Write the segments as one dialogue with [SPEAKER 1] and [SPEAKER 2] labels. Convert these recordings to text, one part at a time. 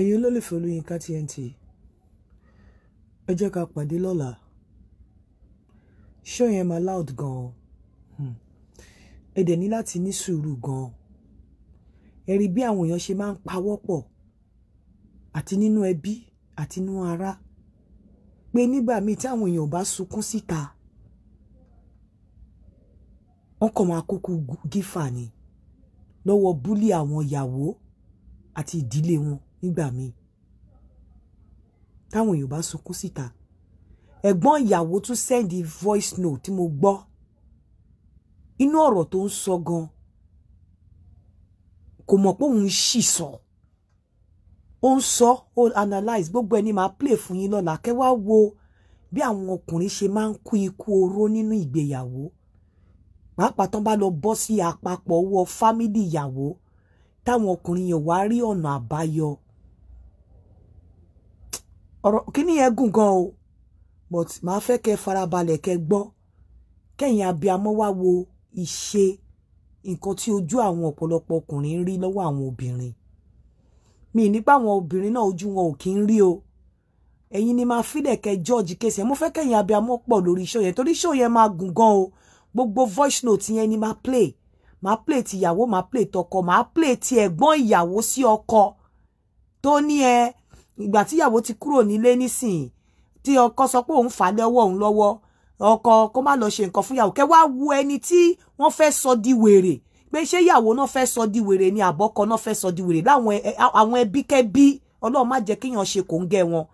[SPEAKER 1] ẹ̀yin olólùfẹ́ olóyinka TNT ẹ jẹ́ ká pàdé lọ́la ṣó yẹn máa loud gan-an hmm. ẹ dẹ̀ ní láti ní sùúrù gan-an ẹ rí bí àwọn èèyàn ṣe máa ń pawọ́ pọ̀ àti nínú ẹbí àti nínú ará pé nígbà míì tí àwọn èèyàn bá sunkún síta wọ́n kàn máa kúkú gífà ni lọ́wọ́ búlì àwọn ìyàwó àti ìdílé wọn nígbà míì táwọn èèyàn bá sunkún síta ẹ̀gbọ́n ìyàwó tún sẹ́ndì voice note tí mo gbọ́ inú ọ̀rọ̀ tó ń sọ gan kò mọ̀ pé òun ṣì sọ ó ń sọ ó analyse gbogbo ẹni máa play fún yín lọ́la kẹ́ wá wo bí àwọn ọkùnrin ṣe máa ń kú ikú oró nínú ìgbéyàwó pàápàá tán bá lọ bọ́ sí àpapọ̀ owó fámìlì ìyàwó táwọn ọkùnrin yẹn wá rí ọ̀nà àbáyọ ọ̀rọ̀ kíní yẹn gùn gan o but màá fẹ́ kẹ́ farabalẹ̀ kẹ́ gbọ́ kẹ́yìn abiyamọ wá wo ìṣe nǹkan tí ojú àwọn ọ̀pọ̀lọpọ̀ ọkùnrin ń rí lọ́wọ́ àwọn obìnrin mi nípa àwọn obìnrin náà ojú wọn ò kí ń rí o ẹ̀yin ni máa fílẹ̀ kẹ́ george kése mo fẹ́ kẹ́yìn abiyamọ pọ̀ lórí show yẹn torí show yẹn máa gùn gan o gbogbo voice note yẹn ni máa play máa play ti ìyàwó máa play tọkọ máa play ti ẹ̀gbọ́n ìyàwó sí ọkọ tó ní ẹ. E, ìgbà tíyàwó ti kúrò nílé nísìnyí tí ọkọ sọ pé òun fà lọ́wọ́ òun lọ́wọ́ ọkọ kó má lọ ṣe nǹkan fún yàwó kẹ wá wo ẹni tí wọ́n fẹ́ sọ di wèrè pé ṣé yàwó náà fẹ́ sọ di wèrè ni àbọ́kọ náà fẹ́ sọ di wèrè láwọn àwọn ẹbí kẹ́bí ọlọ́run má jẹ́ kéèyàn ṣe kò ń gẹ wọn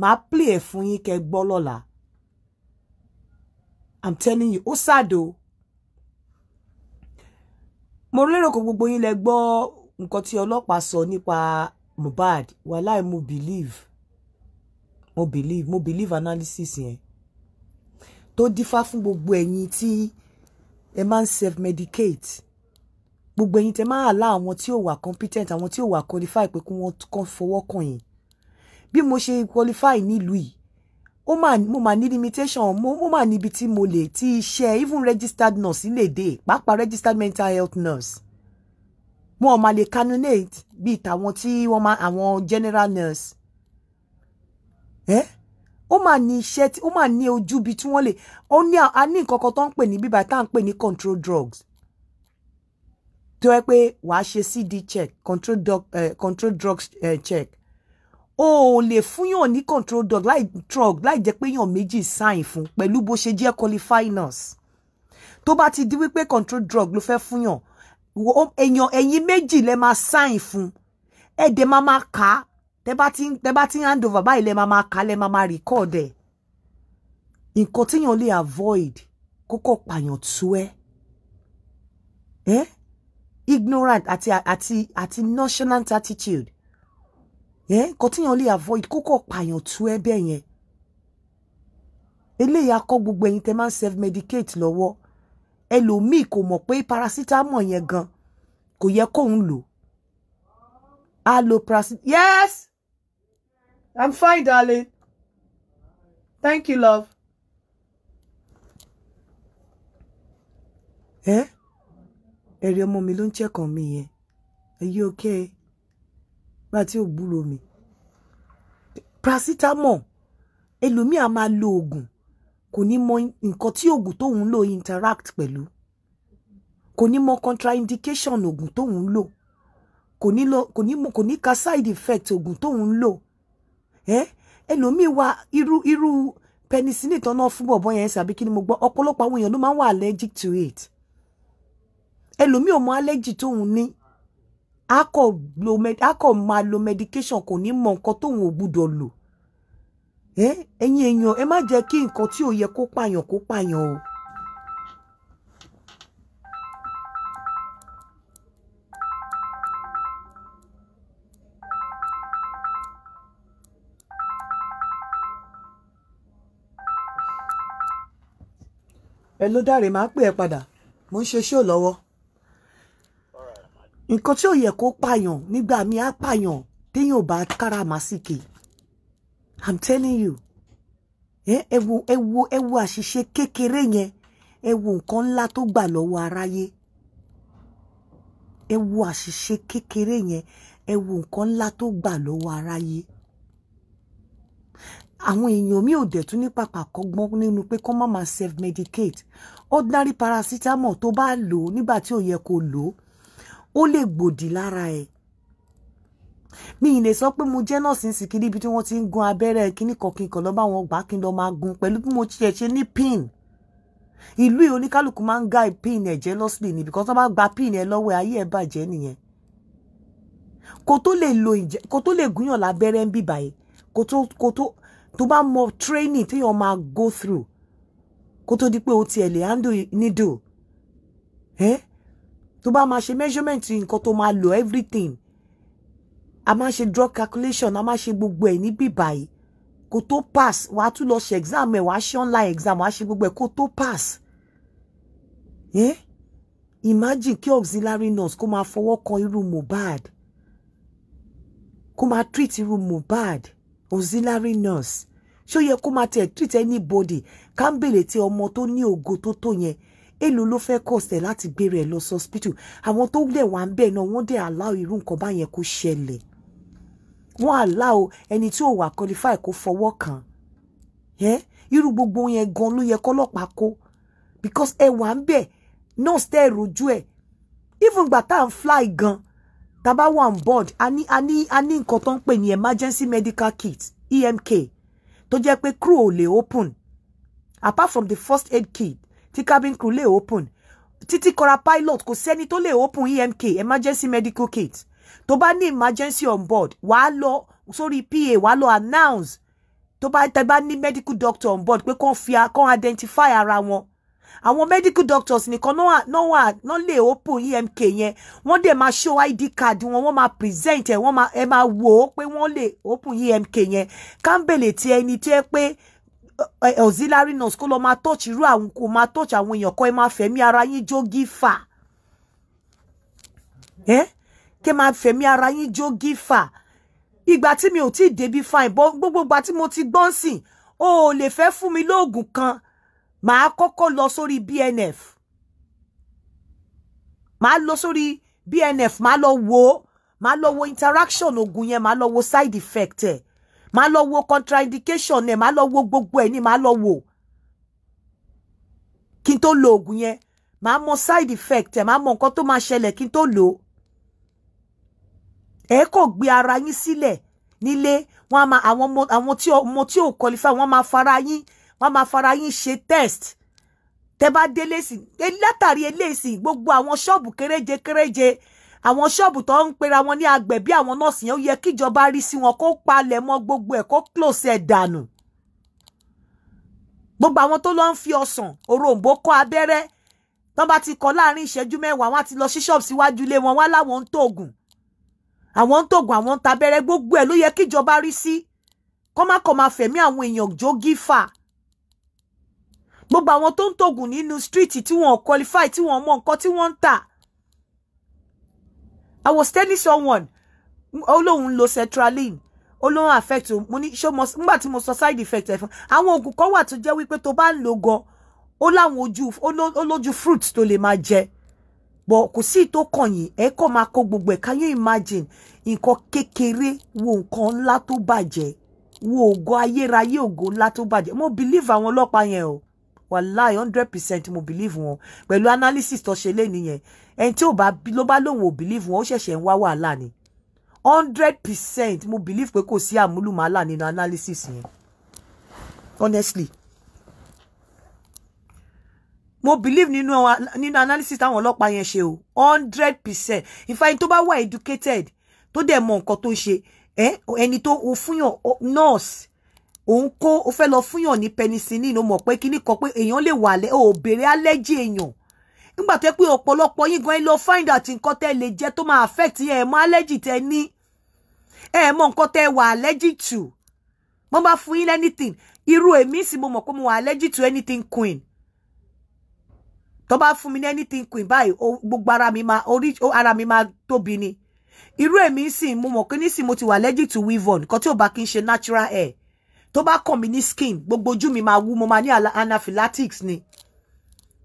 [SPEAKER 1] màá plé ẹ̀ fún yín kẹ́ gbọ́ lọ́la i'm telling you ó ṣàdó mo lérò kó gbogbo yín lẹ gbọ́ nǹkan tí ọlọ́pàá sọ nípa Mohbad wàláì mo believe mo believe mo believe analysis yẹn tó dífá fún gbogbo ẹ̀yin tí ẹ máa ń self medicate gbogbo ẹ̀yin tẹ máa àlá àwọn tí ò wà competent àwọn tí ò wà qualify pé kí wọ́n kàn fọwọ́ kàn yín bí mo ṣe qualify nílùú yìí ó mà mo mà ní limitation mo mo mà níbi tí mo lè ti iṣẹ́ even registered nurse lè dé pàápàá registered mental health nurse wọn ò máa lè cannonade bíi tàwọn tí wọ́n máa àwọn general nurse ẹ́ eh? ó máa ní iṣẹ́ tí ó máa ní ojú bíi tí wọ́n lè ó ní a ní nǹkan kan tó ń pè ní bíbá tá à ń pè ní control drugs tó yẹ pé wàá ṣe CD check control, drug, uh, eh, control drugs uh, check o ò lè fúnyàn ní control drug láì drug láì jẹ́ pé yàn méjì sign fún pẹ̀lú bó ṣe jẹ́ qualify nurse tó bá ti di wípé control drug ló fẹ́ fúnyàn èèyàn ẹ̀yin méjì lẹ máa sign fún ẹ dẹ̀ máa máa kà á tẹ bá ti tẹ bá ti hand over báyìí lẹ máa máa kà á lẹ máa máa record ẹ̀ nǹkan téèyàn lè avoid kókó pààyàn tú ẹ ẹ ignorant àti àti àti national attitude ẹ nǹkan téèyàn lè avoid kókó pààyàn tú ẹ bẹ́ẹ̀ yẹn eléyìí akọ gbogbo ẹ̀yin tẹ máa ń self medicate lọ́wọ́ ẹlòmíì kò mọ̀ pé parasitamọ́ yẹn gan kò yẹ kóun lò á yes i'm fine darling thank you love. ẹ ẹ̀rí ọmọ mi ló ń chẹ́kàn mi yẹn are you okay bá a ti ò gbúrò mi paracetamol ẹlòmíì á máa lo oògùn kò ní mọ nǹkan tí oògùn tóun lò interact pẹ̀lú kò ní mọ contraindication oògùn tóun lò kò ní lọ kò ní ka side effect oògùn tóun lò ẹ ẹlòmíì wa irú irú penicillin tán náà fún bọ̀bọ̀ yẹn sàbí kí ni mo gbọ́ ọ̀pọ̀lọpọ̀ àwọn èèyàn ló máa ń wà allergic to it ẹlòmíì ò mọ allergy tóun ní a kò máa lo medication kò ní mọ nǹkan tóun ò gbúdọ̀ lò. ẹ̀yin èèyàn ẹ má jẹ́ kí nǹkan tí ò yẹ kó pààyàn kó pààyàn o. ẹ ló dáre máa pè ẹ padà mo ń ṣe ṣó lọ́wọ́ nǹkan tí ò yẹ kó pààyàn nígbà mi á pààyàn téèyàn ò bá kára màsíkè. i'm telling you ẹ wo ẹ wo ẹ wo àṣìṣe kékeré yẹn ẹ wo nǹkan ńlá tó gbà lọ́wọ́ aráyé ẹ wo àṣìṣe kékeré yẹn ẹ wo nǹkan ńlá tó gbà lọ́wọ́ aráyé àwọn èèyàn mi ò dẹ̀ tún ní pàpà kọ́gbọ́n nínú pé kọ́ má self medicate ordinary paracetamol tó bá lò ó nígbà tí ò yẹ kó lò ó ó lè gbòdì lára ẹ̀ mi ì lè sọ pé mo jẹ́ nọ́ọ̀sì ń sìnkì níbi tí wọ́n ti ń gun abẹ́rẹ́ kíní kọ̀ọ̀kan kan lọ́ bá wọn gbà kí n lọ́ọ́ máa gun pẹ̀lú bí mo ṣe ṣe ní pin ìlú yìí oníkálukú máa ń ga pin ẹ̀ jẹ́ ni bìkọ́ tó bá gba pin ẹ̀ lọ́wọ́ ayé ẹ̀ bàjẹ́ nìyẹn kò tó lè lo ìjẹ́ kò tó lè gúnyàn lábẹ́rẹ́ ń bì báyìí kò tó kò tó tó bá mọ training téèyàn máa go through kó tó di pé o tiẹ̀ lè handle needle ẹ́ tó bá máa ṣe measurement nǹkan tó máa lo everything a máa ṣe drug calculation a máa ṣe gbogbo ẹ̀ níbí báyìí kó tó pass wàá tún lọ ṣe exam ẹ̀ wàá ṣe online exam wàá ṣe gbogbo ẹ̀ kó tó pass eh? imagine kí auxiliary nurse kó máa fọwọ́ kan irú Mohbad kó máa treat irú Mohbad auxiliary nurse ṣó yẹ kó máa tẹ̀ treat anybody ká ń bèrè tí ọmọ tó ní ògo tó tó yẹn èlò ló fẹ́ kọ̀sẹ̀ láti gbé rẹ̀ lọ sọ́spítù àwọn tó dẹ̀ wá ń bẹ̀ náà wọ́n dẹ̀ aláwọ̀ irú nǹkan báyẹn kó ṣẹlẹ̀ wọn àlá o ẹni tí ò wà qualify kó fọwọ́ kàn ẹ́ irú gbogbo yẹn gan ló yẹ kọ́lọ́pàá kó because ẹ wà ń bẹ̀ nurse tẹ́ rojú ẹ̀ even gbà tá à ń fly gan tá bá wà on board a ní a ní a ní nǹkan tó ń pè ní emergency medical kit EMK tó jẹ́ pé crew ò lè open apart from the first aid kit tí cabin crew lè open títí kọra pilot kò sẹ́ni tó lè open EMK emergency medical kit tó bá ní emergency on board wàá lọ sórí PA wàá lọ announce tó bá tẹ bá ní medical doctor on board pé kàn fi kàn identify ara wọn àwọn medical doctors nìkan náà wà náà lè open emk yẹn wọ́n dẹ̀ máa show id card wọn wọ́n máa present ẹ̀ wọ́n máa ẹ máa wò ó pé wọ́n lè open emk yẹn kámbèlè ti ẹni tí ẹ pé auxiliary nurse kó lọ máa touch irú àwọn kò máa touch àwọn èèyàn kan ẹ máa fẹ̀mí ara yín jó gífà. Eh? kẹ́ máa fẹ̀mí ara yín jó gífà ìgbà tí mi ò tí ì débi fine bọ́ gbogbo ìgbà tí mo ti gbọ́n sìn o ò lè fẹ́ fún mi lóògùn kan màá kọ́kọ́ lọ sórí BNF màá lọ sórí BNF màá lọ wo màá lọ wo interaction oògùn yẹn màá lọ wo side effect ẹ̀ màá lọ wo contraindication ẹ̀ màá lọ wo gbogbo ẹ̀ ní màá lọ wo kí n tó lo oògùn yẹn màá mọ side effect ẹ̀ màá mọ nǹkan tó máa ṣẹlẹ̀ kí n tó lò ó ẹ kò gbé ara yín sílẹ̀ nílé wọn máa àwọn ọmọ àwọn tí ọmọ tí ò qualify wọn máa fara yín wọn máa fara yín ṣe test tẹ bá délé sí látàrí eléyìí gbogbo àwọn ṣọ́ọ̀bù kéréje kéréje àwọn ṣọ́ọ̀bù tó ń pera wọn ní agbẹ̀bí àwọn nọ́ọ̀sì yẹn ó yẹ kíjọba rí sí wọn kó palẹ̀ mọ́ gbogbo ẹ̀ kó close ẹ̀ dànù gbogbo àwọn tó lọ ń fi ọsàn òroǹbó kọ abẹ́rẹ́ tán bá ti kọ láàrin ìṣẹ́jú mẹ́wàá wọn á ti lọ sí ṣọ́ọ̀bù síwájú ilé wọn wá láwọn ń tóògùn àwọn ń tògùn àwọn ń tabẹ́rẹ́ gbogbo ẹ̀ ló yẹ kíjọba rí sí kọ́mákọ́ máa fẹ̀mí àwọn èèyàn jógífà gbogbo àwọn tó ń tògùn nínú street tí wọn ò qualify tí wọn mọ nǹkan tí wọn ń tà I was telling someone olóhùn lo sertraline olóhùn affect mo ní ṣé mo nígbà tí mo sọ side effect ẹ fún àwọn oògùn kan wà tó jẹ́ wípé tó bá ń lo gan ó láwọn ojú ó lójú fruit tó lè máa jẹ but kò sí ìtò kàn yín ẹ kàn máa kó gbogbo ẹ̀ can you imagine nǹkan kékeré wo nǹkan ńlá tó bàjẹ́ wo ògo ayérayé ògo ńlá tó bàjẹ́ mo believe àwọn ọlọ́pàá yẹn o wàláì hundred percent mo believe wọn pẹ̀lú analysis tó ṣe lé nìyẹn ẹni tí ò bá ló bá lóun ò believe wọn ó ṣẹ̀ṣẹ̀ ń wá wàhálà ni hundred percent mo believe pé kò sí àmúlùmálà nínú analysis yẹn honestly mo believe nínú nínú analysis táwọn ọlọ́pàá yẹn ṣe o hundred percent in fact tó bá wà educated tó dẹ̀ mọ nǹkan tó ń ṣe eh, ẹni tó o fúnyàn nurse òun kó o fẹ́ lọ fúnyàn ní penicillin o mọ̀ pé kíní kan pé èèyàn lè wà lẹ́ o ò béèrè allergy èèyàn nígbà tó pé ọ̀pọ̀lọpọ̀ yín gan lọ find out nǹkan tẹ́ lè jẹ́ tó máa affect ẹ̀ mọ allergy tẹ́ ní ẹ̀ mọ nǹkan tẹ́ wà allergy to mo bá fún yín anything irú èmi sì mo mọ̀ pé mo wà allergy to anything queen tó bá fún mi ní anything queen báyìí gbogbo ara mi máa orí ara mi máa tóbi ni irú èmi sì mo mọ̀ pé nísìn mo ti wà allergic to weave on nǹkan tí ò bá kí n ṣe natural hair tó bá kàn mí ní skin gbogbo ojú mi máa wú mo máa ní anaphylactics ni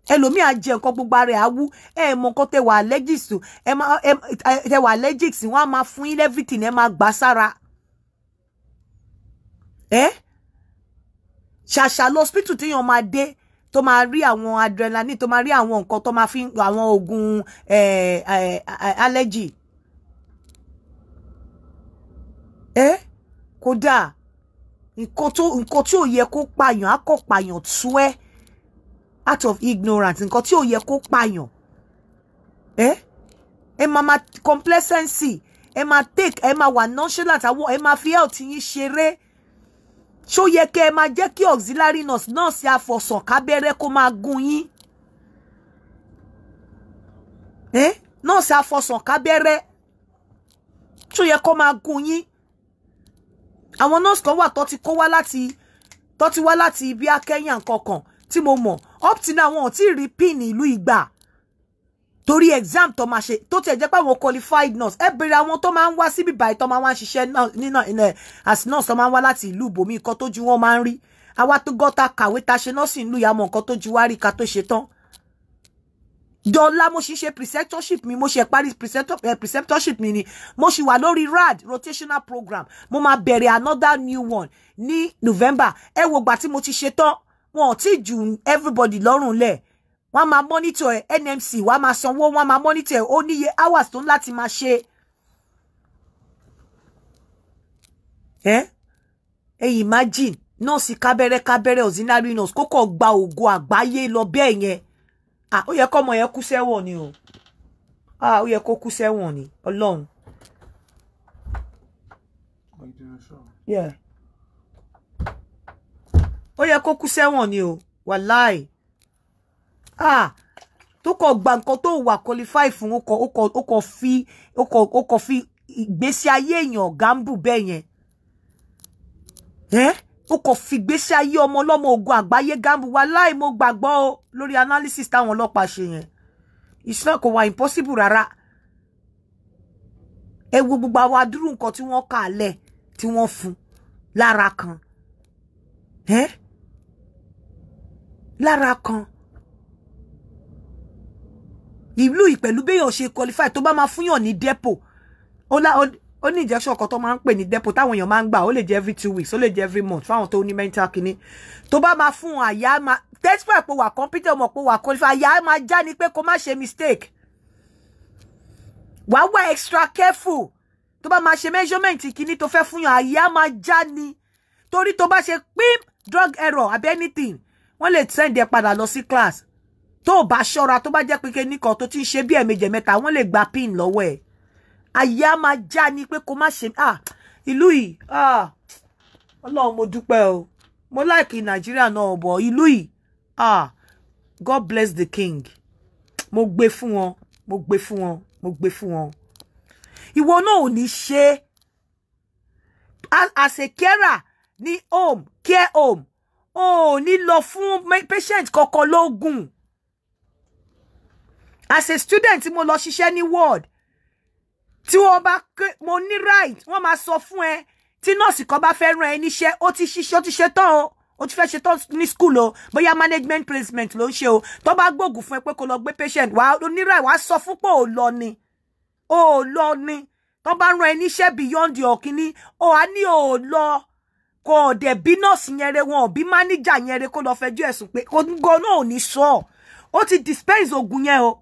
[SPEAKER 1] ẹlòmíì á jẹ nǹkan gbogbo ara ẹ̀ á wú ẹ mọ̀ nǹkan tẹ wà allergic to ẹ máa tẹ wà allergic sí wọn á máa fún yín everything ẹ máa gbà sára ẹ ṣàṣà lọ hospital téèyàn máa dé tó máa rí àwọn adrenaline tó máa rí àwọn nǹkan tó máa fi àwọn oògùn allergy ẹ kódà nǹkan tó nǹkan tí ò yẹ kó pààyàn á kọ̀ pààyàn tú ẹ out of ignorance nǹkan tí ò yẹ kó pààyàn ẹ ẹ máa máa complacency ẹ máa take ẹ máa wà nonchalant àwọn ẹ máa fi health yín ṣeré ṣó yẹ kẹ́ ẹ máa jẹ́ kí auxiliary nurse nọ́ọ̀sì àfọ̀sàn kábẹ́rẹ́ kó máa gún yín eh? nọ́ọ̀sì àfọ̀sàn kábẹ́rẹ́ ṣó yẹ kó máa gún yín àwọn nọ́ọ̀sì kan wà tó ti kó wá láti tó ti wá láti ibi akẹ́yìn kankan tí mo mọ̀ up till now wọn ò tí ì rí pin ìlú ìgbà torí exam tó máa ṣe tó tiẹ̀ jẹ́ pé àwọn qualified nurse ẹ bèrè àwọn tó máa ń wá síbi báyìí tó máa wá ń ṣiṣẹ́ nínà as nurse tó máa ń wá láti ìlú ibòmí nǹkan tó ju wọn máa ń rí àwa tó gọ́ta kàwé ta ṣe nursing ìlú ìyàmọ̀ nǹkan tó ju wá rí ká tó ṣe tán. dọ́là mo ṣì ṣe preceptorship mi mo ṣe parí preceptorship mi ni mo ṣì wà lórí rad rotational program mo máa bẹ̀rẹ̀ another new one ní November ẹ wo gbà tí mo ti ṣe tán wọn ò tí ju everybody lọ́rùn lẹ̀ wọ́n máa mọ́nítọ̀ ẹ̀ NMC wọ́n máa sanwó wọ́n máa mọ́nítọ̀ ẹ̀ ó níye hours tó ń láti máa ṣe. ẹ ẹ imagine nọ́ọ̀sì kábẹ́rẹ́ kábẹ́rẹ́ ordinary nurse kókò gba ògo àgbáyé lọ bẹ́ẹ̀ yẹn ó yẹ kọ́mọ yẹn kú sẹ́wọ̀n ni o ó yẹ kó kú sẹ́wọ̀n ni ọlọ́run. ó yẹ kó kú sẹ́wọ̀n ni o wàláì ah tó kọ gba nǹkan tó wà qualify fún ó kọ ó kọ ó kọ fi ó kọ ó kọ fi ìgbésí ayé èèyàn gambu bẹ́ẹ̀ yẹn ẹ́ eh? ó kọ fi ìgbésí ayé ọmọ ọlọ́mọ ogun àgbáyé gambu wa láì mo gbàgbọ́ o lórí analysis táwọn ọlọ́pàá ṣe yẹn ìṣúná kò wà impossible rárá ẹ wo gbogbo àwọn adúrú nǹkan tí wọ́n kà lẹ̀ tí wọ́n fún lára kan eh? lára kan ìlú yìí pẹ̀lú béèyàn ṣe qualify tó bá máa fúnyàn ní depo ó lá ó ní injection kan tó máa ń pè ní depo táwọn èèyàn máa ń gbà ó lè jẹ́ every two weeks ó lè jẹ́ every month fáwọn tó ní mental kinní tó bá máa fún àyà máa testify pé wà competent ọmọ pé wà qualify àyà máa já ni pé kó má ṣe mistake wàá wà extra careful tó bá máa ṣe measurement kinní tó fẹ́ fúnyàn àyà máa já ni torí tó bá ṣe pín drug error àbí anything wọ́n lè send ẹ padà lọ sí class tó bá ṣọ́ra tó bá jẹ́ pé kíníkan tó ti ń ṣe bí ẹ̀ẹ̀mejì mẹ́ta wọ́n lè gba pin lọ́wọ́ ẹ̀ àyà máa já ni pé kó má ṣe ah ìlú yìí ah ọlọ́run mo dúpẹ́ o mo láìkí nàìjíríà náà bọ̀ ìlú yìí ah god bless the king mo gbé fún wọn mo gbé fún wọn mo gbé fún wọn ìwọ náà ò ní ṣe as a carer ní home care home o ò ní lọ fún patient kankan lóògùn as a student tí mo lọ ṣiṣẹ́ ní ward tí wọ́n bá mo ní right wọ́n máa sọ fún ẹ tí nọ́ọ̀sì kan bá fẹ́ ràn ẹ níṣẹ́ ó ti ṣiṣẹ́ ó ti ṣe tán o ó ti fẹ́ ṣe tán ní school o bóyá management placement ló ń ṣe o tó bá gbóògùn fún ẹ pé kó lọ gbé patient wàá onírà wàá sọ fún pé ò lọ ni ò lọ ni tó bá ràn ẹ níṣẹ́ beyond your kínní ò á ní ò lọ kò dẹ̀ bí nọ́ọ̀sì yẹn re wọn ò bí manager yẹn re kó lọ fẹjọ́ ẹ̀sùn pé ògùn náà ò ní sọ ó ti dispense ògùn yẹn o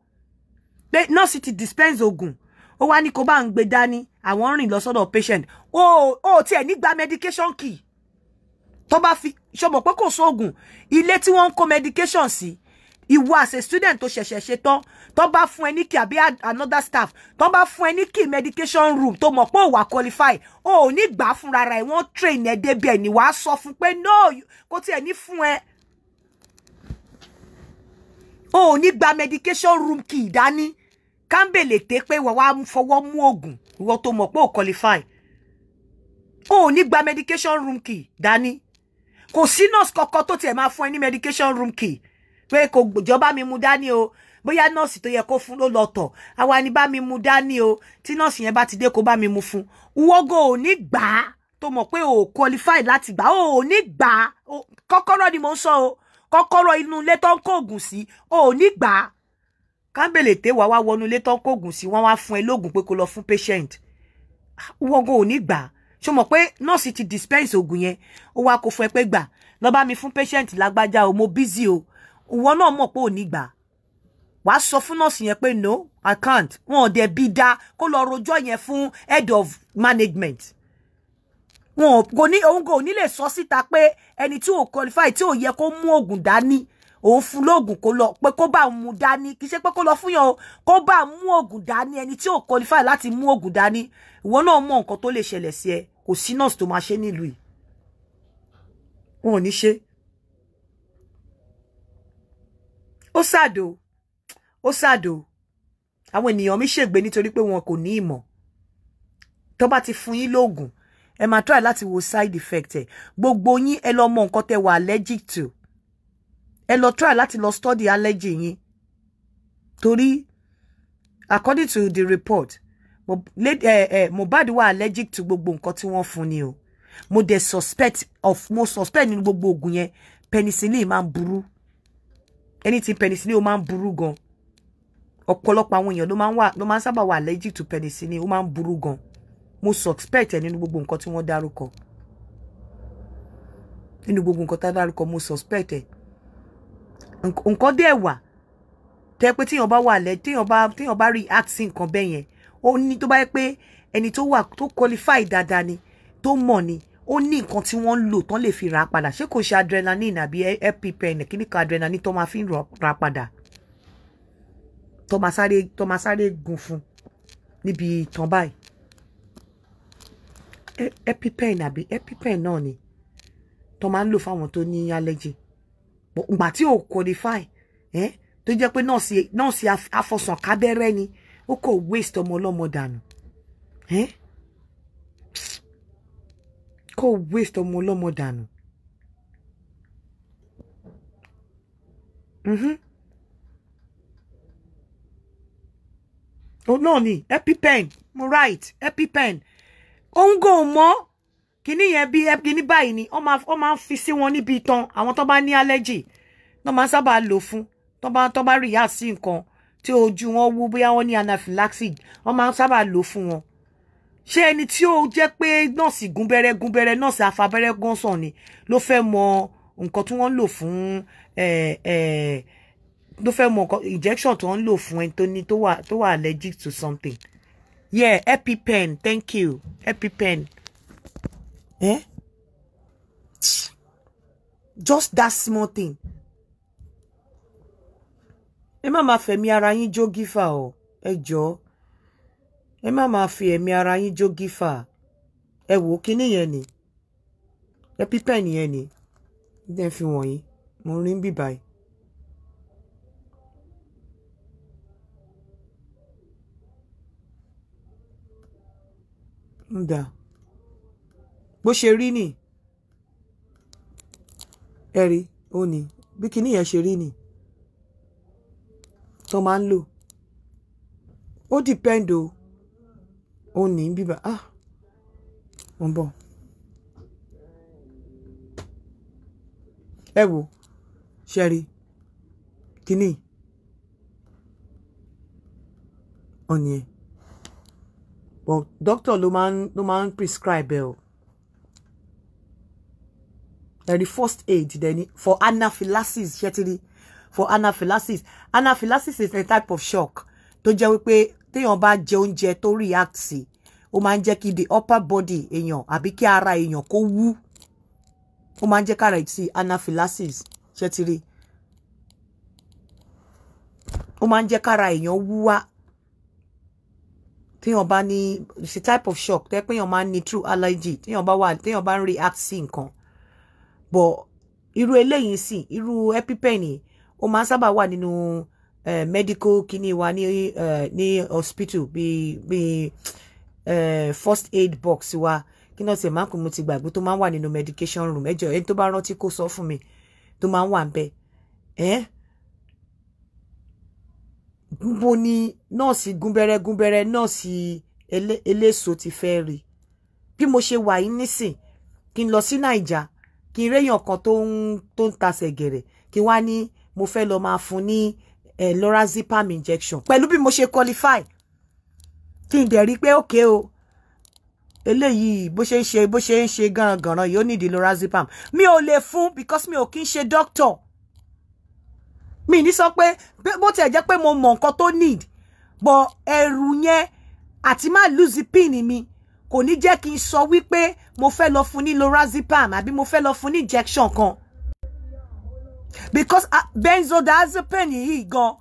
[SPEAKER 1] pé nọ́ọ̀sì ti dispense ogun. ó wá ní kó bá ń gbé dání àwọn rìn lọ sọ́dọ̀ patient o ò tiẹ̀ ní gba medication key tó bá fi ṣọmọ pé kò sóògùn ilé tí wọ́n ń kó medication si. ìwọ as a student to ṣẹ̀ṣẹ̀ ṣe tán tó bá fún ẹ ní key another staff tó bá fún ẹ ní medication room tó mọ̀ pé ò wà qualify o ò ní gbà á fúnra rẹ̀ train ẹ débi ẹ̀ ní wàá sọ fún pé no kò tiẹ̀ ní fún ẹ o ò ní gba medication room key dání kámbèlè té pé wọ́n wá fọwọ́ mú oògùn ìwọ tó mọ̀ pé ò qualify o ò ní gba medication room key dání kò sí nurse kankan tó tiẹ̀ máa fún ẹ ní medication room key pé kò jọba mi mu dání o bóyá nọ́ọ̀sì tó yẹ kó fún ló lọ tọ̀ àwa ni bá mi mu dání o tí nọ́ọ̀sì yẹn bá ti dé kó bá mi mu fún wọ́gọ̀ ò ní gbà á tó mọ̀ pé ò qualify láti gbà ó ò ní gbà á kọ́kọ́rọ́ ni mo ń sọ o kọ́kọ́rọ́ inú ilé tó ń kó oògùn sí ò ní gbà á kábèlè tẹ wàá wá wọnú ilé tán kóògùn sí wọn wá fún ẹ lóògùn pé kó lọ fún patient wọn kò ní gbà ṣó mọ̀ pé nọ́ọ̀sì ti dispense oògùn yẹn ó wá kó fún ẹ pé gbà lọ bá mi fún patient lágbájá o mo busy o ìwọ náà mọ̀ pé ò ní gbà wàá sọ fún nọ́ọ̀sì yẹn pé no i can't wọn ò dẹ̀ bí da kó lọ rojọ́ yẹn fún head of management wọn kò ní òun kò ní lè sọ síta pé ẹni tí ò qualify tí ò yẹ kó mú oògùn dání òun fún lóògùn kó lọ pé kó bá mú dání kì í ṣe pé kó lọ fúnyàn o kó bá mú òògùn dání ẹni tí ò qualify láti mú òògùn dání ìwọ náà mọ nǹkan tó lè ṣẹlẹ̀ sí ẹ kò sí nurse tó máa ṣe nílùú yìí wọn ò ní ṣe ó ṣàdó ó ṣàdó àwọn ènìyàn mi ṣègbè nítorí pé wọn kò ní ìmọ̀ tó bá ti fún yín lóògùn ẹ máa try láti wo side effect ẹ gbogbo yín ẹ lọ mọ nǹkan tẹ wà allergic to ẹ lọ try láti lọ study allergy yín torí according to the report mo mo eh, eh, Mohbad wa allergic to gbogbo nǹkan tí wọ́n fún ni o mo dẹ̀ suspect of mo suspect nínú gbogbo oògùn yẹn penicillin man buru. anything penicillin ó máa ń burú gan ọ̀pọ̀lọpọ̀ àwọn èèyàn ló máa wa wà ló máa ń allergic to penicillin ó máa ń gan mo suspect ẹ nínú gbogbo nǹkan tí wọ́n dárúkọ nínú gbogbo nǹkan tá dárúkọ mo suspect ẹ nǹkan dẹ̀ wà tẹ́ pé téèyàn bá wà lẹ́ téèyàn bá téèyàn bá react sí nǹkan bẹ́ẹ̀ yẹn ó ní tó bá yẹ pé ẹni tó wà tó qualify dáadáa ni tó mọ̀ ni ó ní nǹkan tí wọ́n ń lò tán lè fi rà padà ṣé kò ṣe adrenaline àbí epipen kíní kan adrenaline tó máa fi rà padà tó máa sáré tó máa sáré gun fún níbi ìtàn báyìí e, epipen àbí epipen náà ni tó máa ń lò fáwọn tó ní allergy gbà tí ò qualify eh? tó jẹ́ pé nọ́ọ̀sì nọ́ọ̀sì afọsàn kábẹ́rẹ́ ni ó kò waste ọmọ ọlọ́mọ dànù eh? kò waste ọmọ ọlọ́mọ dànù. Mm-hmm. o oh, no, ni EpiPen mo right EpiPen òun kò mo. Kini yẹn bí ẹ kíní báyìí ni wọ́n máa ń fi sí wọn níbi itan àwọn tó bá ní allergy tó máa ń sábà lò fún tó bá tó bá react sí nǹkan tí ojú wọn wú bóyá wọ́n ní anaphylaxis wọ́n máa sábà lò fún wọn ṣé ẹni tí ó jẹ́ pé nọ́ọ̀sì gúnbẹ́rẹ́ gúnbẹ́rẹ́ nọ́ọ̀sì afabẹ́rẹ́ gánsan ni ló fẹ́ mọ nǹkan tí wọ́n ń lò fún ló fẹ́ mọ injection tí wọ́n ń lò fún ẹni tó ní tó wà allergic to something yeah EpiPen thank you EpiPen Eh? Just that small thing. Ẹ ma fe fẹ̀mí ara yin jó gífà o, ẹ jọ̀ọ́. Ẹ ma máa fi ẹ̀mí ara yin jó gífà. Ẹ wò kíní yẹn ni. Ẹ pípẹ́ nìyẹn ni. Ẹ fi wọ̀nyí, mo rí ń bíbáyìí. Да. bó ṣe rí nì ẹ̀rí ó ní bí kinní yẹn ṣe rí nì tó máa ń lò ó depend o ó ní bíbá ah mo ń bọ̀ ẹ wò ṣẹ́rí kinní ọ̀nìyẹn but doctor ló máa ń ló máa ń prescribe ẹ o Then the first aid Then for anaphylaxis ṣe ti for anaphylaxis anaphylaxis is a type of shock tó jẹ́ wípé téèyàn bá jẹ oúnjẹ tó react sí ó máa ń jẹ́ the upper body èèyàn àbí kí ara èèyàn kó wú ó máa ń jẹ́ kára anaphylaxis ṣe ti rí ó máa ń jẹ́ kára èèyàn wú wá téèyàn bá a type of shock tẹ́ pé èèyàn máa ń ní true allergy téèyàn bá wà téèyàn bá ń react sí nǹkan bọ̀ irú eléyìí sì irú EpiPen ó máa ń sábà wà nínú eh, medical kini wa ní eh, ní hospital bíi bíi eh, first aid box wa kí náà tiẹ̀ máa ń kó mo ti gbàgbé tó máa ń wà nínú medication room ẹjọ ẹni tó bá rántí kó sọ fún mi tó máa ń wà bẹ ẹ bo ni nọ́ọ̀sì gúnbẹ̀rẹ̀ gúnbẹ̀rẹ̀ nọ́ọ̀sì eléso ti fẹ́ rí bí mo ṣe wà yìí nísìn kí n lọ sí Naija kí n réyàn kan tó ń tó ń ta sẹ̀gẹ̀rẹ̀ kí wá ní mo fẹ́ lọ máa fún ní eh, lorazepam injection pẹ̀lú bí mo ṣe qualify kí n dẹ̀ rí pé òkè o eléyìí bó ṣe ń ṣe bó ṣe ń ṣe gànràngànràn yóò nídìí lorazepam mi ò lè fún because mi ò kí ń ṣe doctor mi ní sọ pé bó tiẹ̀ jẹ́ pé mo mọ̀ nǹkan tó need but ẹ̀rù yẹn àti má lose pin mi kò ní jẹ́ kí n sọ wípé mo fẹ́ lọ fún ní lorazepam àbí mo fẹ́ lọ fún ní injection kan because uh, ah, benzodiazepine yìí gan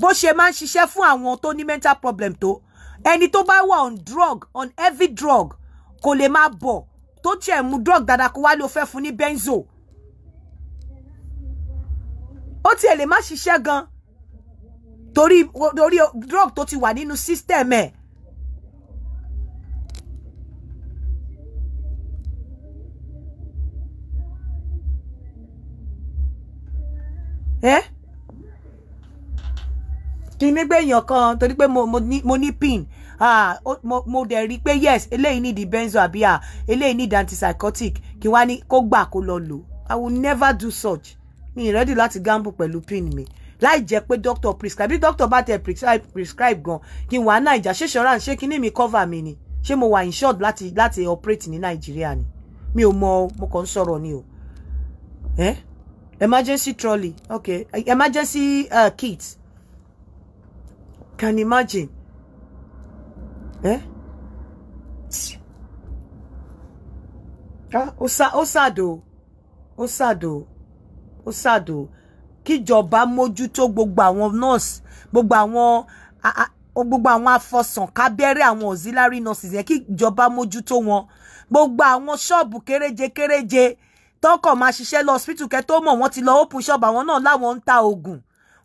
[SPEAKER 1] bó ṣe máa ń ṣiṣẹ́ fún àwọn tó ní mental problem tó ẹni tó bá wà on drug on heavy drug kò lè máa bọ̀ tó tiẹ̀ mu drug dáadáa kó wá ló fẹ́ fún ní benzo ó tiẹ̀ lè má ṣiṣẹ́ gan torí torí drug tó ti wà nínú system ẹ̀. Eh ẹ́ eh? kí ní gbẹ̀yàn kan torí pé mo ní pin ah mo mo dẹ̀ rí pé yes eléyìí ní di benzo àbí ah eléyìí ní di antipsychotic kí wá ní kó gbà kó lọ lò i will never do such mi ì rẹ́dì láti gamble pẹ̀lú pin mi láì jẹ́ pé doctor prescribe bí doctor bá tẹ prescribe gan kí n wà ní naija ṣé insurance ṣé kíní mi cover mi ni ṣé mo wà insured láti láti operate ní nàìjíríà ni mi ò mọ mo kàn ń sọ̀rọ̀ ni o. Eh? emergency trolley okay emergency uh, kit can imagine eh ah ó osado, ó sàdò ó sàdò ó sàdò kíjọba mójútó gbogbo àwọn nurse gbogbo àwọn gbogbo àwọn afọsàn kábẹ́rẹ́ àwọn auxiliary nurses yẹn kíjọba mójútó wọn gbogbo àwọn ṣọ́ọ̀bù kéréje kéréje tọkọ̀ máa ṣiṣẹ́ lọ hospital kẹ́ tó mọ̀ wọ́n ti lọ open shop àwọn náà láwọn ń ta oògùn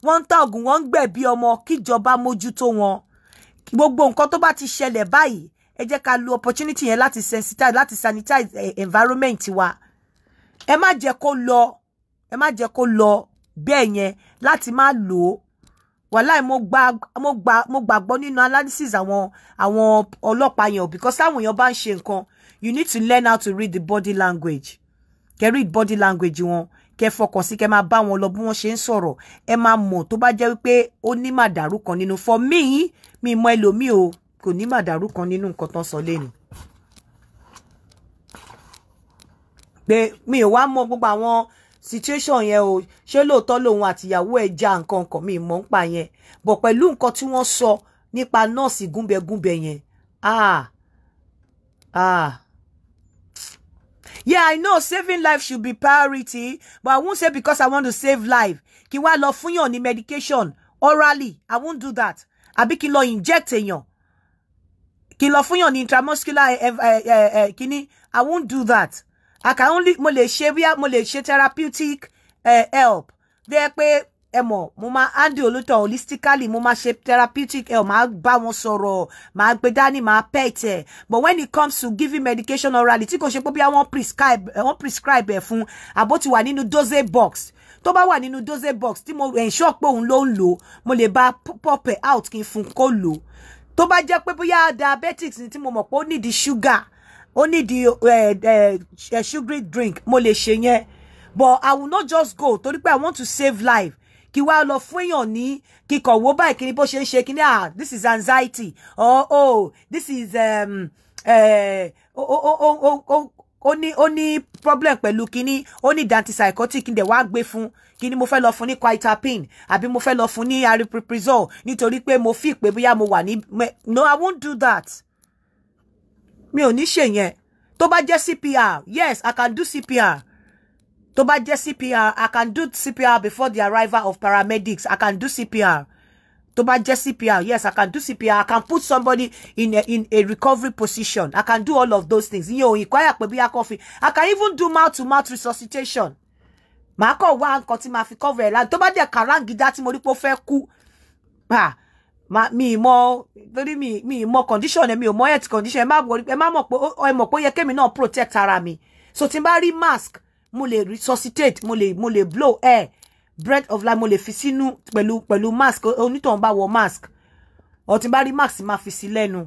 [SPEAKER 1] wọ́n ń ta oògùn wọ́n ń gbẹ̀bí ọmọ kíjọba mójútó wọn gbogbo nǹkan tó bá ti ṣẹlẹ̀ báyìí ẹ jẹ́ ká lo opportunity yẹn láti sensitize láti sanitize eh, environment wa ẹ má jẹ́ kó lọ ẹ má jẹ́ kó lọ bẹ́ẹ̀ yẹn láti má lò ó wàláì mo gba mo gba mo gbàgbọ́ nínú analysis àwọn àwọn ọlọ́pàá yẹn o because táwọn èèyàn bá ń ṣe nǹkan you need to learn how to read the body language kẹ́ read body language wọn kẹ́ fọkàn sí kẹ́ máa bá wọn lọ bí wọ́n ṣe ń sọ̀rọ̀ ẹ máa mọ̀ tó bá jẹ́ wípé ó ní kan nínú for me mi mọ ẹlòmíì o kò ní màdàrú kan nínú nǹkan tán sọ lẹ́nu. pé mi ò mo mọ gbogbo àwọn situation yẹn o ṣé lóòótọ́ lòun àtìyàwó ẹ̀ já nǹkan kan mi mọ̀ ń pa yẹn bọ̀ pẹ̀lú nǹkan tí wọ́n sọ nípa nọ́ọ̀sì gúnbẹ̀gúnbẹ̀ yẹn ah ah yeah i know saving life should be priority but i won't say because i want to save life kí wá lọ fún yàn ní medication orally i won't do that àbí kí lọ inject èèyàn kí lọ fún yàn ní intramuscular eh, eh, eh, Kini i won't do that i can only mo lè ṣe bíyà therapeutic Eh. help bẹ́ẹ̀ pé ẹ mọ̀ mo máa andy olùtàn holistically mo máa ṣe therapeutic ẹ máa bá wọn sọ̀rọ̀ máa gbé dání máa pet ẹ but when it comes to giving medication orally tí kò ṣe pé bí wọ́n prescribe eh, wọ́n prescribe ẹ̀ fún àbó ti wà nínú dose box tó bá wà nínú dose box tí mo ensure pé òun ló ń lò mo lè bá pop out kí n fún kó lò tó bá jẹ́ pé bóyá diabetics ni tí mo mọ̀ pé ó nídìí sugar ó nídìí eh, eh, sugary drink mo lè ṣe yẹn but I will not just go torí pé I want to save life kí wá lọ fún èèyàn ní kíkọ̀ wo báyìí kí bó ṣe ń ṣe kí ah this is anxiety or oh this is um, uh, eh, oh, oh, oh, oh, oh, ó ní ó ní problem pẹ̀lú kíní ó ní danti psychotic ndẹ̀ wá gbé fún kíní mo fẹ́ lọ fún ní quitapin àbí mo fẹ́ lọ fún ní aripiprazole nítorí pé mo fi pé bóyá mo wà ní no i won't do that mi ò ní ṣèyẹn tó bá jẹ́ cpr yes i can do cpr To bá jẹ́ CPR I can do CPR before the arrival of paramedics I can do CPR To bá jẹ́ CPR yes I can do CPR I can put somebody in a, in a recovery position I can do all of those things ìyẹn òyìn kọ́ àyàpẹ̀ bí akọ́fin I can even do mouth to mouth resuscitation màá kọ̀ wá nǹkan tí màá fi cover ẹ̀ láti tó bá dẹ̀ kàráǹgídá tí mo rí pé ó fẹ́ kú mi mọ̀ lórí mi mi mọ̀ condition ẹ mi ò mọ̀ health condition ẹ má mọ̀ pé ẹ má mọ̀ pé ó yẹ kémi náà protect ara mi so tí n bá rí mask mo lè resuscitate mo lè mo lè blow air breath of life mo lè fi sínú pẹ̀lú pẹ̀lú mask onítọ̀hún bá wọ mask ọtí bá rí mask máa fi sí lẹ́nu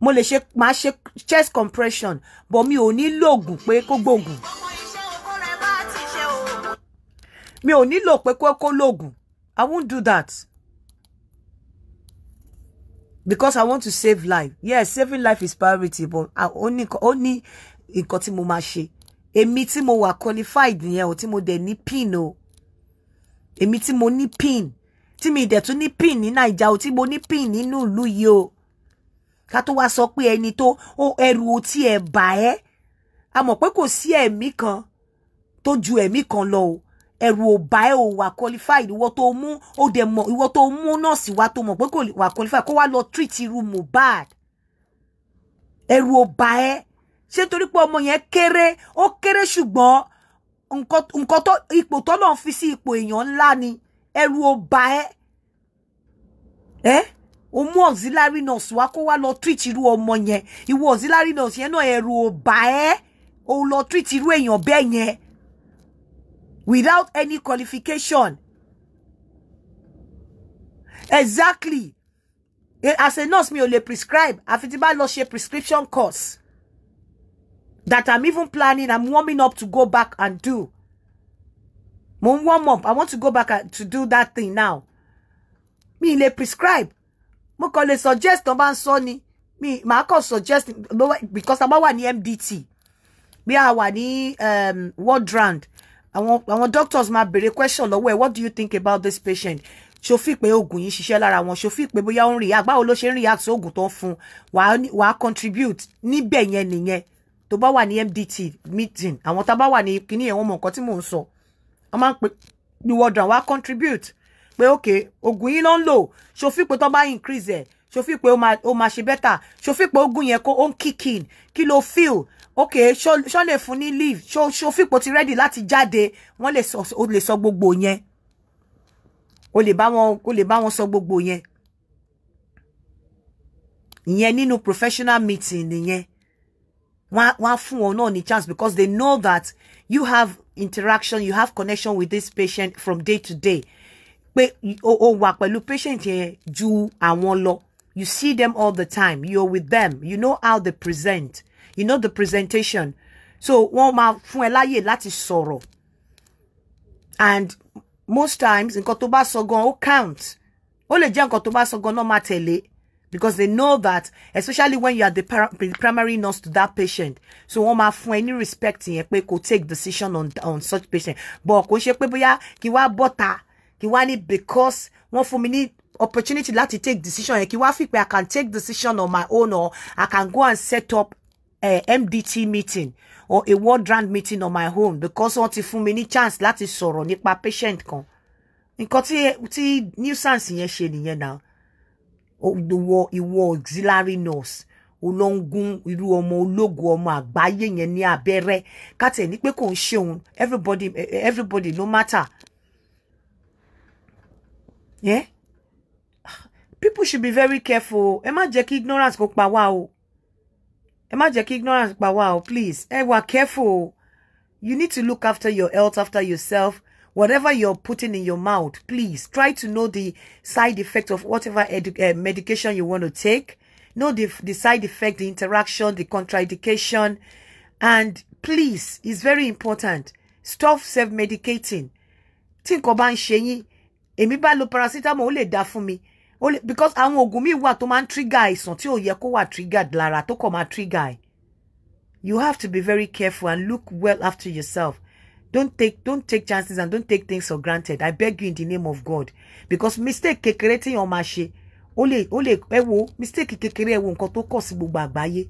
[SPEAKER 1] mo lè ṣe máa ṣe chest compression but mi ò ní lòògùn pé kó gbòògùn mi ò nílò pé kó kó lòògùn I won't do that because I want to save life yes saving life is priority but ó only, nǹkan tí mo máa ṣe èmi tí mo wà qualified nìyẹn o tí mo dẹ̀ ní pin o èmi tí mo ní pin tí mi dẹ̀ tún ní pin ní naija o tí mo ní pin nínú ìlú yìí o ká tó wá sọ pé ẹni tó ẹrù o tí ẹ bà ẹ́ a mọ̀ pé kò sí ẹ̀mí kan tó ju ẹ̀mí kan lọ o ẹrù ò bá ẹ ò wà qualified ìwọ tó mú ó dẹ̀ mọ̀ ìwọ tó mú nọ́ọ̀sì wa tó mọ̀ pé kò wà qualified kó wá lọ treat irú Mohbad ẹrù ò bá ẹ ṣé nítorí pé ọmọ yẹn kéré ó kéré ṣùgbọ́n nǹkan tó ipò tọ́lọ̀ ń fi sí ipò èèyàn ńlá ni ẹrù ó ba ẹ́ ẹ́ o mú auxiliary nurse wá kó wá lọ treat irú ọmọ yẹn ìwọ auxiliary nurse yẹn náà ẹrù ó ba ẹ́ o lọ treat irú èèyàn bẹ́ẹ̀ yẹn without any qualification exactly as a nurse mi ò lè prescribe àfi tí bá lọ ṣe prescription course that I'm even planning, I'm warming up to go back and do. Mo warm up. I want to go back to do that thing now. Me lè prescribe. Mo call lè suggest on ban so ni. Mi ma kàn suggest because I'm one ní MDT. Me a wà ní um ward round. Àwọn àwọn doctors máa béèrè question the way, what do you think about this patient? She fi pé oògùn yìí ṣiṣẹ́ lára wọn so fi pé bóyá ó ń react báwo ló ṣe ń react sóògùn tó ń wa wa contribute níbẹ̀ yẹn nìyẹn tó bá wà ní MDT meeting àwọn tá a bá wà ní kíní yẹn wọ́n mọ nǹkan tí mò ń sọ wọ́n máa ń pè ní wọ́dàn wá contribute pé ok oògùn yìí ló ń lò ṣòfin pé tó bá increase ẹ̀ ṣòfin pé ó máa ṣe better ṣòfin pé oògùn yẹn kó ó ń kick in kí ló feel ok ṣó lè fún ní leave ṣòfin pé ó ti ready láti jáde wọ́n lè sọ gbogbo yẹn o le bá wọn o le bá wọn sọ gbogbo yẹn ìyẹn nínú professional meeting nìyẹn One á fún wọn náà ní chance because they know that you have interaction you have connection with this patient from day to day pé oh, o wà pẹ̀lú patient yẹn ju àwọn lọ you see them all the time you're with them you know how they present you know the presentation so wọ́n máa fún ẹ láyè láti sọ̀rọ̀ and most times nǹkan tó bá sọ gan ó count ó lè jẹ́ nǹkan tó bá sọ gan náà máa tẹ̀lé because they know that especially when you are the, the primary nurse to that patient so wọ́n máa fún ẹ respect yẹn pé kò take decision on on such patient but kò ṣe pé bóyá kí wá because one for mi ní opportunity to take decision yẹn kí I can take decision on my own or I can go and set up a eh, MDT meeting or a ward round meeting on my own because wọ́n ti fún mi ní chance láti sọ̀rọ̀ nípa patient kan nǹkan tí nuisance in ṣe nìyẹn náà ìwọ auxiliary nurse olóńgún irú ọmọ ológo ọmọ àgbáyé yẹn ní abẹ́rẹ́ kátẹ̀ ní pé kò ń ṣe òun everybody eh, eh, everybody no matter yeah? people should be very careful ẹ má jẹ́ kí ignorance kó pa wá o ẹ má jẹ́ kí ignorance pa wá o please ẹ wà careful you need to look after your health after yourself whatever you're putting in your mouth, please try to know the side effect of whatever uh, medication you want to take. Know the, the side effect, the interaction, the contraindication. And please, it's very important. Stop self-medicating. Think about ṣeyín. Èmi bá lo paracetamol ó lè dá fún mi. Ó lè because àwọn oògùn mi wà tó máa ń trigger àìsàn tí ò yẹ kó wà triggered lára tó kọ̀ trigger. You have to be very careful and look well after yourself. don't take don't take chances and don't take things for granted i beg you in the name of god because mistake kékeré téèyàn máa ṣe ó lè ó lè ẹ wo mistake kékeré e wo nǹkan tó kọ̀ sí gbogbo àgbáyé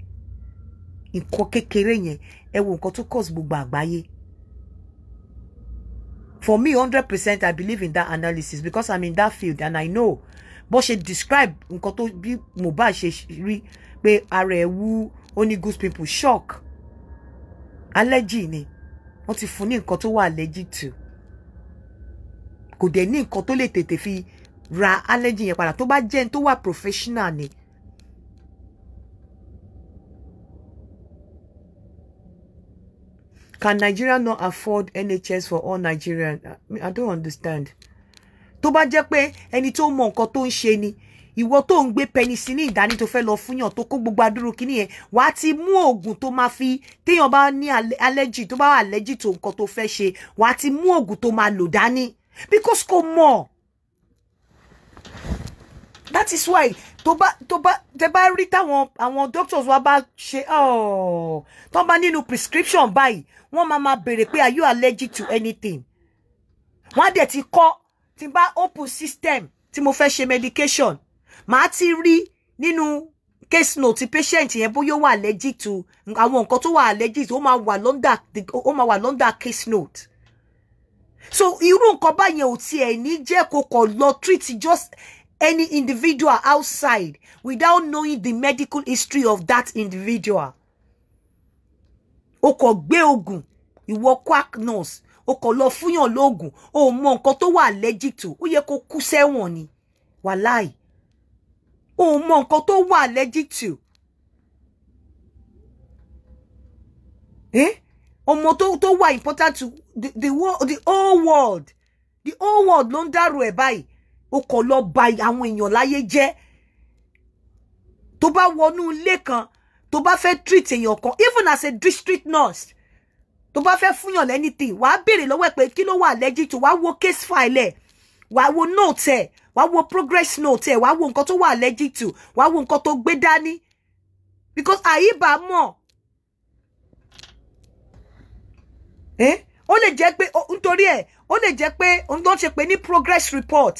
[SPEAKER 1] nǹkan kékeré yẹn ẹ wo nǹkan tó kọ̀ gbogbo àgbáyé for me hundred percent i believe in that analysis because i'm in that field and i know bó ṣe describe nǹkan tó bí Mohbad ṣe rí pé ara ẹ̀ wú ó ní goose people shock allergy ni wọ́n ti fún ní nǹkan tó wà allergic to kò dẹ̀ ní nǹkan tó lè tètè fi ra allergy yẹn padà tó bá jẹ́ tó wà professional ni. Can Nigeria not afford NHS for all Nigerians? I don't understand. Tó bá jẹ́ pé ẹni tó mọ nǹkan tó ń ṣe ni ìwọ tó ń gbé penicillin dání tó fẹ́ lọ fún yàn tó kó gbogbo adúrú kínní yẹn wà á ti mú oògùn tó máa fi téèyàn bá ní allergy tó bá wà allergy tó nǹkan tó fẹ́ ṣe wà á ti mú oògùn tó máa lò dání because kò mọ̀ that is why tó bá tó bá tẹ bá rí táwọn àwọn doctors wa bá ṣe oh, tó bá nínú prescription báyìí wọ́n máa máa béèrè pé are you allergic to anything wọ́n á dẹ̀ ti kọ́ tí bá open system tí mo fẹ́ ṣe medication màá ti rí nínú case note patient yẹn bóyá ó wà allergic to àwọn nǹkan tó wà allergic ó máa wà lọ́ndà ó máa wà lọ́ndà case note so irú nǹkan báyẹn ò tiẹ̀ ní jẹ́ kó kọ̀ lọ treat just any individual outside without knowing the medical history of that individual o kò gbé oògùn ìwọ quack nurse o kò lọ fúnyàn lóògùn o mọ nǹkan tó wà allergic to ó yẹ kó kú sẹ́wọ̀n ni wàláì o mọ nǹkan tó wà allergic to eh ọmọ tó tó wà important to the the, world, the whole world the whole world ló ń dàrú ẹ̀ báyìí o kò lọ ba àwọn èèyàn láyé jẹ́ tó bá wọnú ilé kan tó bá fẹ́ treat èèyàn kan even as a district nurse tó bá fẹ́ fúnyàn lẹ́nìtì wàá béèrè lọ́wọ́ ẹ̀ pé kí ló wà allergic to wàá wo case file ẹ̀ wàá wo note ẹ̀ wàá wo progress note ẹ̀ wàá wo nǹkan tó wà allergic to wàá wo nǹkan tó gbé dání because àyíbá mọ̀ eh? ó lè jẹ́ pé nítorí ẹ̀ ó lè jẹ́ pé ohun tó ṣe pé ní progress report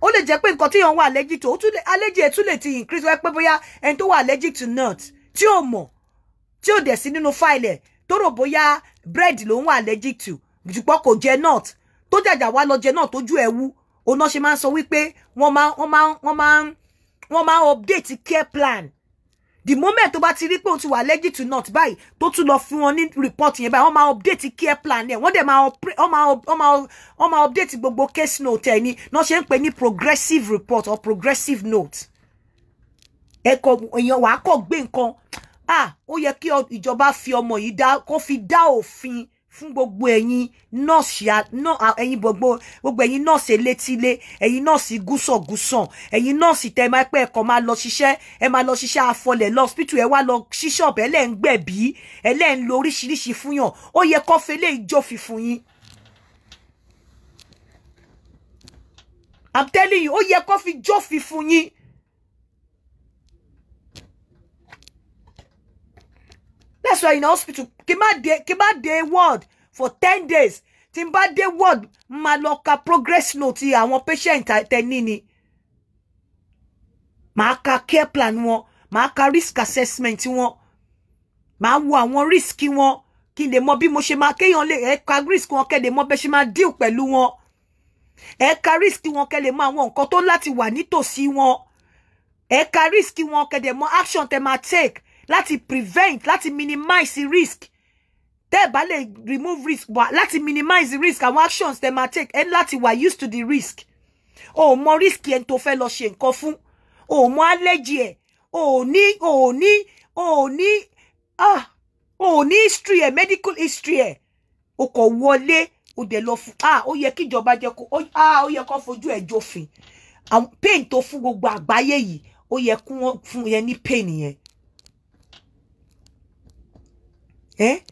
[SPEAKER 1] ó lè jẹ́ pé nǹkan tí yàn wà allergic to allergy ẹ̀ tún lè ti increase wáyé pé bóyá ẹni tó wà allergic to nut tí ò mọ̀ tí ò dẹ̀ sí nínú fáìlì ẹ̀ tó rò bóyá bread ló ń wà allergic to ṣùgbọ́n kò jẹ nut tó jàjà wá lọ jẹ nut tójú ẹ̀ wú òun náà ṣe máa ń sọ wípé wọ́n máa wọ́n máa wọ́n máa wọ́n máa update care plan the moment tó bá ti rí pé òun ti wà legit to not báyìí tó tún lọ fún wọn ní report yẹn báyìí wọ́n máa update care plan ẹ̀ wọ́n dẹ̀ máa wọ́n máa wọ́n máa update gbogbo case note ẹ̀ ni náà ṣe ń pè ní progressive report or progressive note ẹ̀kọ́ èèyàn wàá kọ̀ gbé nǹkan ah ó yẹ kí ìjọba fi ọmọ yìí dá kó fi dá òfin fún gbogbo ẹ̀yin nọ́ọ̀sì ẹ̀yin gbogbo gbogbo ẹ̀yin nọ́ọ̀sì elétílé ẹ̀yin nọ́ọ̀sì gúsọ̀gúsọ̀ ẹ̀yin nọ́ọ̀sì tẹ máa pẹ́ ẹ̀kọ́ máa lọ ṣiṣẹ́ ẹ máa lọ ṣiṣẹ́ afọlẹ̀ lọ hospital ẹ wá lọ sí ṣọ́ọ̀bù ẹ ń gbẹ̀bí ẹ ń lo oríṣiríṣi fúnyàn ó yẹ kó fẹlẹ́ ìjọ fífún yín. I'm telling you ó yẹ kó fi fífún yín that's why in hospital kí má dé kí má dé ward for ten days tí n bá dé ward máa lọ ka progress note ti patient tẹni ni màá ka care plan wọn màá ka risk assessment wọn màá wo àwọn risk wọn kí n lè mọ bí mo ṣe máa kéèyàn lè ẹ̀ka risk wọn kẹ́ lè mọ bẹ́ ṣe máa deal pẹ̀lú wọn ẹ̀ka risk wọn kẹ́ lè mọ àwọn nǹkan tó láti wà nítòsí wọn ẹ̀ka risk wọn kẹ́ lè mọ action tẹ́ máa take láti prevent láti minimize risk tẹ́ ẹ̀ bá lè remove risk wà láti minimize risk àwọn actions tẹ́ máa take ẹni láti wà used to the risk o ò mọ risk ẹni tó fẹ́ lọ ṣe nǹkan fún o ò mọ allergy ẹ̀ o ò ní o ò ní o ò ní ah o ò ní history ẹ̀ medical history ẹ̀ o kò wọlé o dẹ̀ lọ fún ah ó yẹ kíjọba jẹ́ kó ah ó yẹ kó fojú ẹ̀ jófin pain tó fún gbogbo àgbáyé yìí ó yẹ kó fún yẹn ní pain yẹn ẹ eh?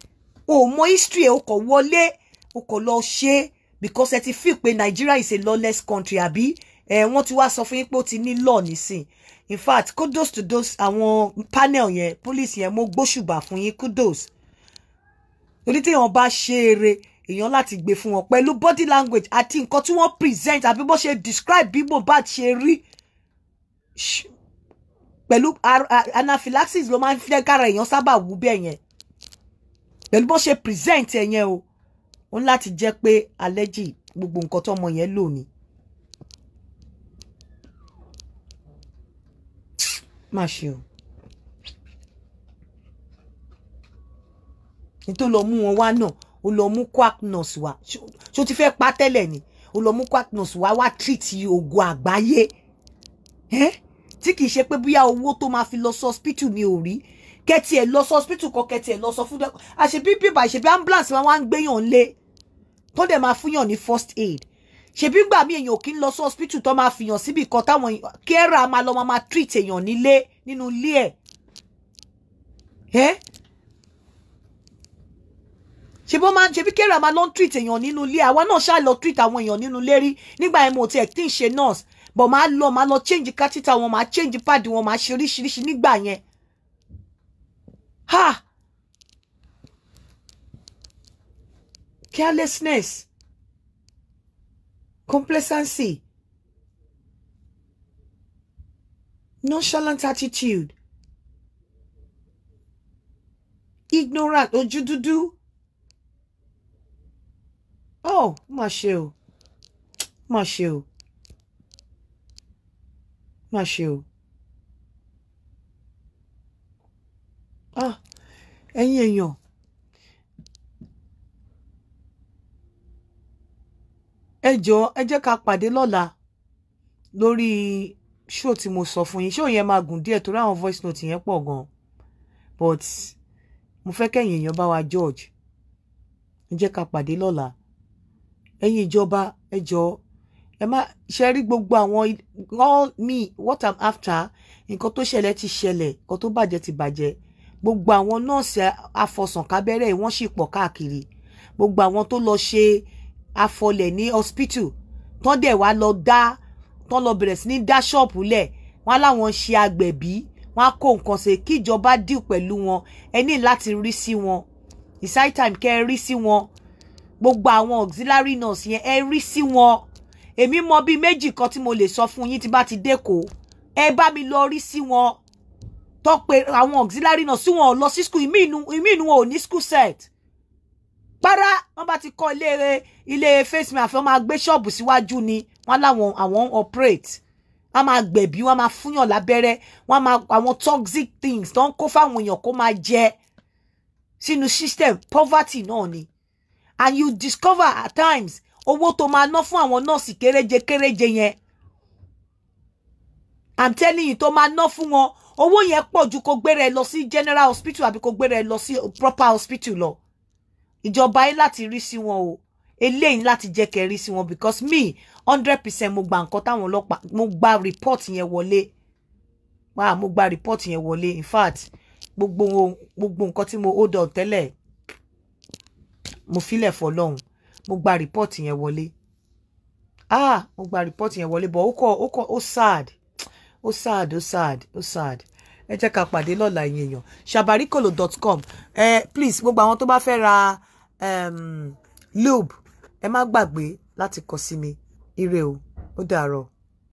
[SPEAKER 1] o mọ history ẹ o kò wọlé o kò lọ ṣe because ẹ ti fi pé Nigeria is a lawless country àbí ẹ eh, wọ́n ti wá sọ fún yín pé ó ti ní law nísìn in fact kudos to those àwọn panel yẹn police yẹn mo gbóṣùbà fún yín kudos torí téèyàn bá ṣe eré èèyàn láti gbé fún wọn pẹ̀lú body language àti nǹkan tí wọ́n present àbí bó ṣe describe bí Mohbad ṣe rí pẹ̀lú anaphylaxis ló máa ń fẹ́ kára èèyàn sábà wú bẹ́ẹ̀ yẹn pẹ̀lú bó ṣe present ẹ̀ yẹn o ó ní láti jẹ́ pé allergy gbogbo nǹkan tọ́mọ yẹn lò ní. má ṣe o ní tó lọ mú wọn wá náà ó lọ mú quack nurse wá ṣó ti fẹ́ pa tẹ́lẹ̀ ni ó lọ mú quack nurse wá wá treat oògùn àgbáyé tí kì í ṣe pé bóyá owó tó máa fi lọ sọ hospital ni ò rí kẹtì ẹ lọ sọ hospital kan kẹtì ẹ lọ sọ fún dẹkọ àṣebí bíbà àṣebí ambulance máa wá ń gbéyàn lé tó dẹ̀ máa fúnyàn ní first aid ṣebí gbà mí èèyàn kì í lọ sí hospital tó máa fìyàn síbi kan táwọn kẹ́ra máa lọ máa treat èèyàn nílé nínú ilé ẹ̀ ṣebí máa ṣebí kẹ́ra máa lọ ń treat èèyàn nínú ilé àwa náà ṣáà lọ treat àwọn èèyàn nínú ilé rí nígbà yẹn mo ti ẹ̀ tí ń ṣe nurse bọ̀ máa lọ máa lọ change catheter wọn máa change pad wọn máa ṣe oríṣiríṣi nígbà yẹn ha carelessness complacency nonchalant attitude ignorant ojú dúdú oh má ṣe Marshall, má ṣe ẹ̀yin èèyàn ẹ jọ ẹ jẹ́ ká pàdé lọ́la lórí ṣó tí mo sọ fún yín ṣó yẹn máa gùn díẹ̀ torí àwọn voice note yẹn pọ̀ gan but mo fẹ́ kẹ́yìn èèyàn bá wa George ẹ jẹ́ ká pàdé lọ́la ẹ̀yin ìjọba ẹ jọ ẹ má ṣe rí gbogbo àwọn all me what i'm after nǹkan tó ṣẹlẹ̀ ti ṣẹlẹ̀ nǹkan tó bàjẹ́ ti bàjẹ́ gbogbo àwọn nọ́ọ̀sì afọsànkábẹ́rẹ́ yìí wọ́n sì pọ̀ káàkiri gbogbo àwọn tó lọ ṣe afọlẹ̀ ní hospital tán dẹ̀ wá lọ dá tán lọ bẹ̀rẹ̀ sí ní dá ṣọ́ọ̀pù lẹ̀ wọ́n láwọn ṣe agbẹ̀bí wọ́n á kó nǹkan ṣe kíjọba díù pẹ̀lú wọn ẹ láti rí sí wọn it's time kẹ́ ẹ rí sí wọn gbogbo àwọn auxiliary nurse yẹn ẹ rí sí wọn èmi mọ bíi méjì kan tí mo lè sọ fún yín tí bá ti dẹ́kọ̀ọ́ ẹ bá mi lọ rí sí wọn tó pe àwọn auxiliary náà sí wọn lọ sí school ìmí inú ìmí inú wọn ò ní school set para wọn bá ti kọ́ ilé ilé face me àfẹ́ wọn máa gbé ṣọ́ọ̀bù síwájú ni wọn láwọn àwọn operate wọn máa gbẹ̀bí wọn máa fúnyàn lábẹ́rẹ́ wọn máa àwọn toxic things tó ń kó fáwọn èèyàn kó máa jẹ sínú system poverty náà ni and you discover at times owó tó máa ná fún àwọn nọ́ọ̀sì kéréje kéréje yẹn i'm telling you to máa ná fún wọn owó yẹn pọ̀ ju kó gbé rẹ lọ sí general hospital àbí kó gbé rẹ lọ sí proper hospital lọ ìjọba yín láti rí sí wọn o eléyìí láti jẹ́ kẹ́ rí sí wọn because me hundred percent mo gba nǹkan táwọn ọlọ́pàá mo gba report yẹn wọlé wàá mo gba report yẹn wọlé in fact gbogbo gbogbo nǹkan tí mo hold on tẹ́lẹ̀ mo filẹ̀ fọlọ́hún mo gba report yẹn wọlé ah mo gba report yẹn wọlé but ó kọ ó kọ ó sad ó sad ó sad ó sad ẹ jẹ́ ká pàdé lọ́la ẹ̀yin èèyàn shabarikolo dot com ẹ please gbogbo àwọn tó bá fẹ́ ra um, lube ẹ má gbàgbé láti kọ sí mi ire o ó dàárọ̀.